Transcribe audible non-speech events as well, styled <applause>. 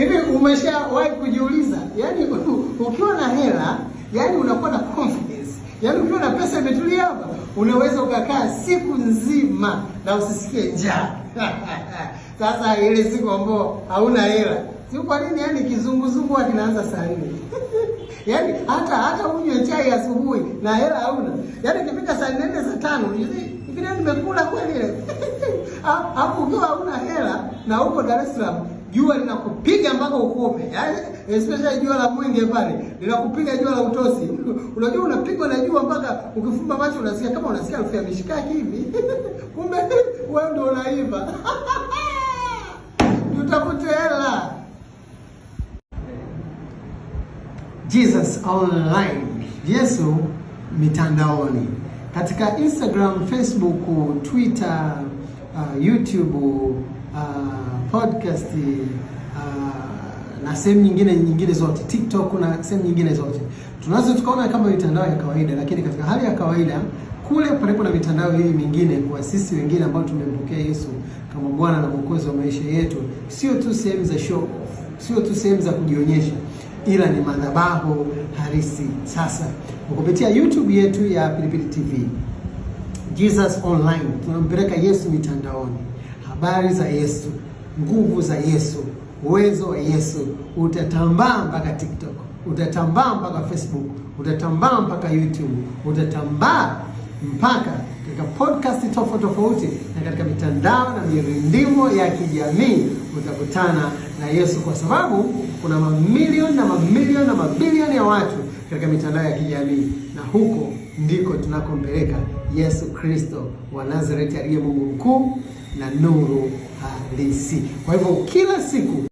Hivi umeshawahi kujiuliza, yaani ukiwa na hela, yaani unakuwa na confidence, yaani ukiwa na pesa imetulia hapa, unaweza ukakaa siku nzima na usisikie njaa. <laughs> Sasa ile siku ambayo hauna hela, sio kwa nini? Yaani kizunguzungu kinaanza saa nne <laughs> yaani hata hata unywe chai asubuhi na hela hauna, yaani ikifika saa nne saa tano nimekula kweli <laughs> hapo. Ukiwa hauna hela na uko Dar es Salaam jua linakupiga mpaka ukome, yaani especially jua la mwenge pale linakupiga jua la utosi. <laughs> Unajua unapigwa na jua mpaka ukifumba macho unasikia kama unasikia harufu ya mishikaki hivi <laughs> kumbe wewe ndio unaiva Tutafute <laughs> hela. Jesus online, Yesu mitandaoni, katika Instagram, Facebook, Twitter uh, YouTube uh, podcast uh, na sehemu nyingine nyingine zote, TikTok na sehemu nyingine zote tunazo tukaona kama mitandao ya kawaida, lakini katika hali ya kawaida kule palipo na mitandao hii mingine, kwa sisi wengine ambao tumempokea Yesu kama Bwana na Mwokozi wa maisha yetu, sio tu sehemu za show off, sio tu sehemu za kujionyesha, ila ni madhabahu halisi. Sasa kupitia YouTube yetu ya Pilipili TV Jesus online, tunampeleka Yesu mitandaoni, habari za Yesu, nguvu za Yesu, uwezo wa Yesu. Utatambaa mpaka TikTok, utatambaa mpaka Facebook, utatambaa mpaka YouTube, utatambaa mpaka katika podcast tofauti tofauti na katika mitandao na mirindimo ya kijamii utakutana na Yesu, kwa sababu kuna mamilioni na mamilioni na mabilioni ya watu katika mitandao ya kijamii na huko ndiko tunakompeleka Yesu Kristo wa Nazareti aliye Mungu mkuu na nuru halisi. Kwa hivyo kila siku